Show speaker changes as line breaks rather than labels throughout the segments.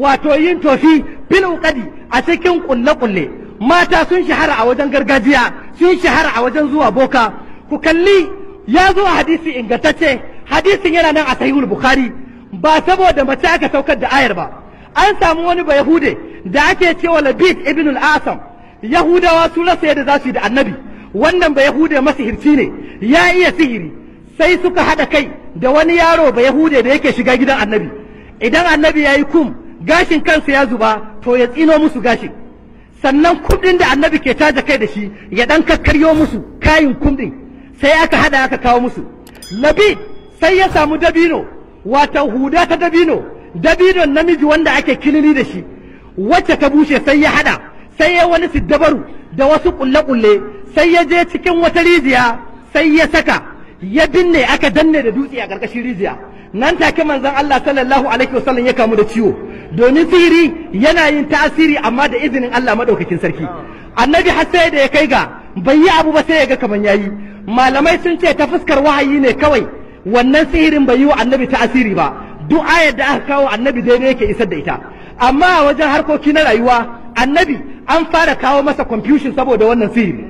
wato yin tofi bil uqadi a cikin kulle kulle mata sun shahara a wajen gargajiya sun shahara a wajen zuwa boka ku kalli ya zo hadisi ingantacce hadisin yana nan a sahihul bukhari ba saboda mace aka saukar da ayar ba an samu wani ba yahude da ake cewa labid ibn al-asam yahudawa su rasa yadda za su yi da annabi wannan ba yahude masihirci ne ya iya sihiri sai suka haɗa kai da wani yaro ba yahude da yake shiga gidan annabi idan annabi ya yi kum gashin kansa ya zuba to ya tsino musu gashin sannan kudin da annabi ke caja kai da shi ya dan kakkaryo musu kayin kudin sai aka hada aka kawo musu labi sai ya samu dabino wata huda ta dabino dabino namiji wanda ake kilili da shi wacce ta bushe sai ya hada sai ya wani siddabaru da wasu kulle-kulle sai ya je cikin wata rijiya sai ya saka ya binne aka danne da dutse a ƙarƙashin rijiya nan take manzon Allah sallallahu alaihi wasallam ya kamu da ciwo domin sihiri yana yin tasiri amma da izinin Allah madaukakin sarki annabi har sai da ya kai ga bai yi abu ba sai ya ga kaman yayi malamai sun ce ta fuskar wahayi ne kawai wannan sihirin bai yi wa annabi tasiri ba Du'a ayar da aka kawo annabi daidai yake isar da ita amma a wajen harkoki na rayuwa annabi an fara kawo masa confusion saboda wannan sihiri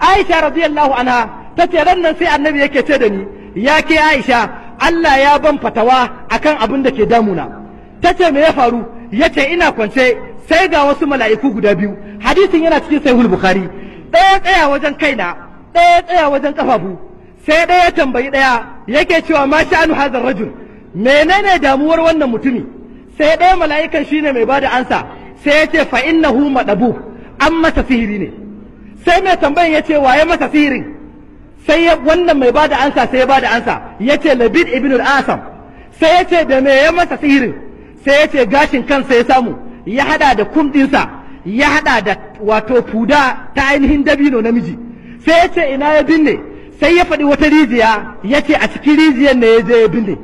Aisha radiyallahu anha ta ce nan sai annabi yake ce da ni ya ke Aisha Allah ya ban fatawa akan abin da ke damuna ta ce me ya faru ya ce ina kwance sai ga wasu mala'iku guda biyu hadisin yana cikin sahihul bukhari ɗaya tsaya wajen na ɗaya tsaya wajen kafafu sai ɗaya tambayi ɗaya yake cewa ma sha'anu hadar rajul menene damuwar wannan mutumi sai ɗaya mala'ikan shine mai bada ansa sai ya ce fa innahu madabu an masa sihiri ne sai mai tambayin ya ce waye masa sihirin sai wannan mai bada ansa sai ya bada ansa ya ce labid ibn al-asam sai ya ce da me ya masa sihirin sai ya ce gashin kansa ya samu ya hada da kumdinsa ya hada da wato fuda ta ainihin dabino namiji sai ya ce ina ya binne sai ya faɗi wata rijiya ya ce a cikin rijiyar ne ya je ya binne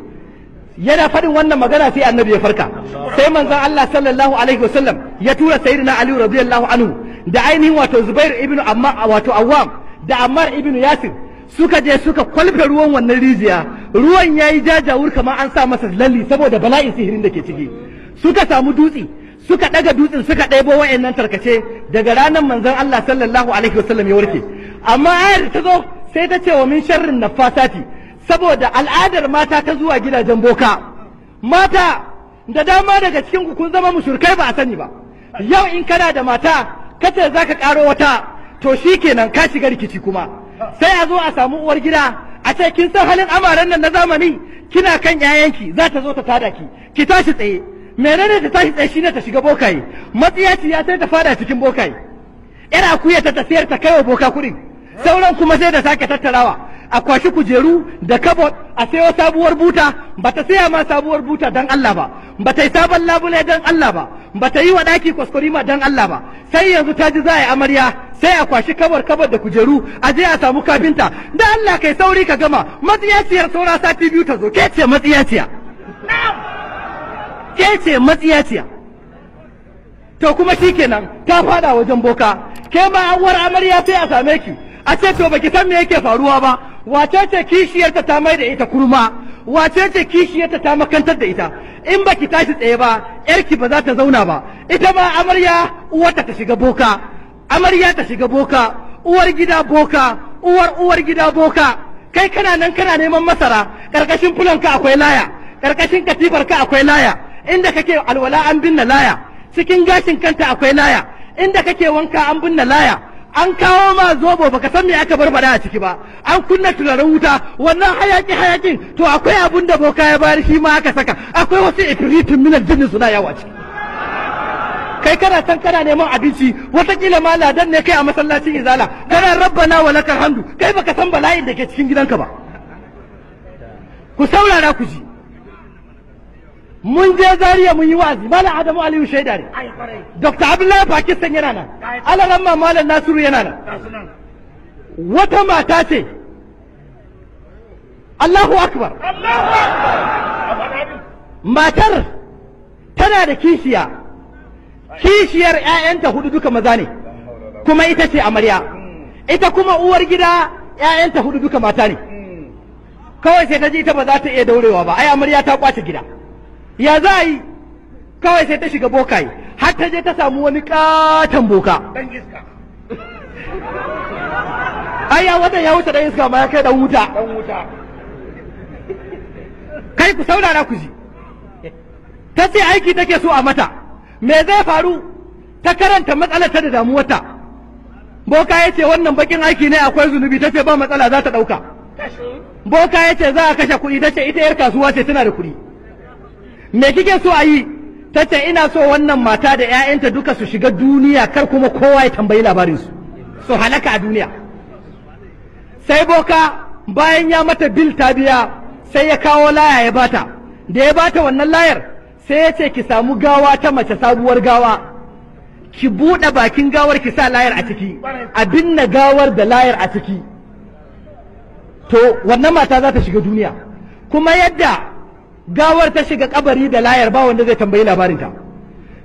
yana faɗin wannan magana sai annabi ya farka sai manzon Allah sallallahu alaihi wasallam ya tura sayyidina Ali radiyallahu anhu da ainihin wato Zubair ibn Amma wato Awwam da Ammar ibn Yasir suka je suka kwalfe ruwan wannan rijiya ruwan ya yi jajawur kamar an sa masa lalli saboda bala'in sihirin da ke ciki suka samu dutse suka daga dutsen suka ɗaibo wa'annan tarkace daga ranar manzan Allah sallallahu alaihi wasallam ya warke amma ayar ta zo sai ta ce wa min sharrin nafasati saboda al'adar mata ta zuwa gidajen boka mata da dama daga cikin ku kun zama mushurkai ba a sani ba yau in kana da mata kace zaka karo wata to shi kenan ka shiga rikici kuma sai a zo a samu uwar gida ce kin san halin amaren nan na zamani kina kan yayanki za ta zo ta tada ki ki tashi tsaye menene ta tashi tsaye shine ta shiga bokaye matsiyaci ya sai ta fada cikin bokaye yar akuya ta tafiyar ta kaiwa boka kuɗin sauran kuma sai da sake tattarawa a kwashi kujeru da kabot a sayo sabuwar buta ba ta saya ma sabuwar buta don Allah ba ba ta yi sabon labule don Allah ba ba ta yi wa ɗaki kwaskwarima dan Allah ba sai yanzu ta ji za a yi amarya sai a kwashi kabar kabar da kujeru a je a samu kafinta da Allah kai sauri ka gama matsiyaciyar saura sati biyu ta zo ke ce matsiyaciya ke ce matsiyaciya to kuma shikenan ta fada wajen boka ke ma uwar amarya sai a same ki a ce to baki san me yake faruwa ba wace ce kishiyar ta ta mai da ita kurma wace ce kishiyarta ta makantar da ita in ba ki tashi tsaye ba yarki ba za ta zauna ba ita ma amarya uwarta ta shiga boka amarya ta shiga boka uwar gida boka uwar uwar gida boka kai kana nan kana neman masara karkashin fulanka akwai laya karkashin katifarka akwai laya inda kake alwala an binne laya cikin gashin kanta akwai laya inda kake wanka an binne laya an kawo ma zobo baka san me aka barbada a ciki ba an kunna turaren wuta wannan hayaki hayakin to akwai abun da boka ya bari shi ma aka saka akwai wasu ifritin minal jinni suna yawa ciki kai kana san kana neman abinci watakila ma ladan ne kai a masallacin izala kana rabbana wa lakal hamdu kai baka san bala'in da ke cikin gidanka ba ku saurara ku ji mun je zariya mun yi wa'azi malam adamu aliyu shaida ne dr abdullahi pakistan yana nan alaran ma malam nasiru yana nan wata mata ce allahu akbar matar tana da kishiya kishiyar 'ya'yanta hudu duka maza ne kuma ita ce amarya ita kuma uwar gida 'ya'yanta hudu duka mata ne hmm. kawai sai ta ji ita ba za ta iya daurewa ba ai amarya ta kwace gida ya za yi kawai sai ta shiga bokaye har ta je ta samu wani katon boka ai ya wuce dan iska ma ya kai dan wuta kai ku saurara ku ji ta ce aiki take so a mata me zai faru ta karanta matsalar ta da damuwarta boka ya ce wannan bakin aiki ne akwai zunubi ta ce ba matsala za ta ɗauka boka ya ce za a kashe kuɗi ta ce ita yar kasuwa ce tana da kuɗi me kike so a yi tace ina so wannan mata da 'ya'yanta duka su shiga duniya kar kuma kowa ya tambayi labarinsu su halaka a duniya sai boka bayan ya mata bil ta biya sai ya kawo laya ya bata da ya bata wannan layar sai ya ce ki samu gawa ta mace sabuwar gawa ki buɗe bakin gawar ki sa layar a ciki a binne gawar da layar a ciki to wannan mata za ta shiga duniya kuma yadda gawar ta shiga kabari da layar ba wanda zai tambayi labarinta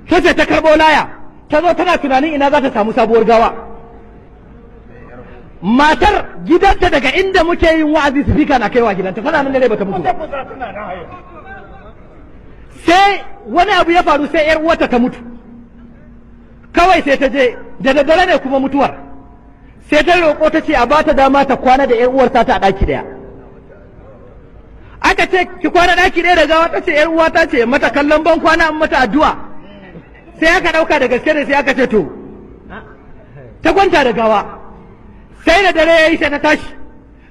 ta ce ta karbo laya ta zo tana tunanin ina za ta samu sabuwar gawa matar gidanta daga inda muke yin wa'azi su fika na kaiwa gidanta tana nan dai bata mutu sai wani abu ya faru sai yar uwarta ta mutu kawai sai ta je da daddare ne kuma mutuwar sai ta roƙo ta ce a bata dama ta kwana da yar uwarta ta a ɗaki ɗaya aka ce ki kwana daki da gawa ta ce yar uwa ta ce mata kallon ban kwana an mata addu'a sai aka ɗauka da gaske ne sai aka ce to ta kwanta da gawa sai da dare ya yi sai ta tashi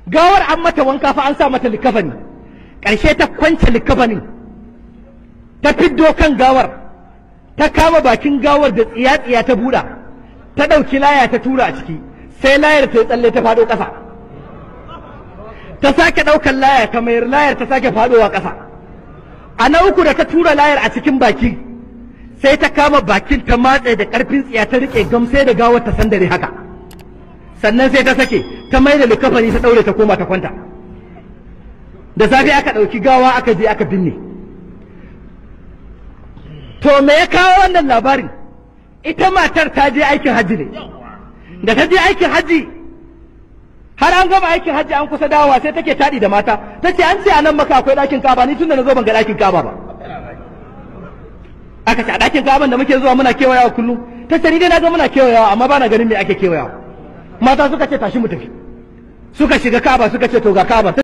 gawar an mata wanka fa an sa mata likafani karshe ta kwance likafanin ta fiddo kan gawar ta kama bakin gawar da tsiya-tsiya ta buɗa ta ɗauki laya ta tura a ciki sai layar ta tsalle ta faɗo ƙasa ta sake ɗaukar layar ta mayar layar ta sake faɗowa ƙasa a na uku da ta tura layar a cikin baki sai ta kama bakin ta matse da ƙarfin tsiya ta riƙe gamsai da gawar ta sandare haka sannan sai ta sake ta mai da likafani ta ɗaure ta koma ta kwanta da safe aka ɗauki gawa aka je aka binne to me ya kawo wannan labarin ita matar ta je aikin hajji ne da ta je aikin hajji har an gama aikin hajji an kusa dawowa sai take taɗi da mata ta ce an ce a nan maka akwai ɗakin kaba ni tunda na zo ban ga ɗakin kaba ba aka ce a ɗakin kaban da muke zuwa muna kewayawa kullum ta ce ni dai na ga muna kewayawa amma ba na ganin me ake kewayawa mata suka ce tashi mu tafi suka shiga kaba suka ce to ga kaba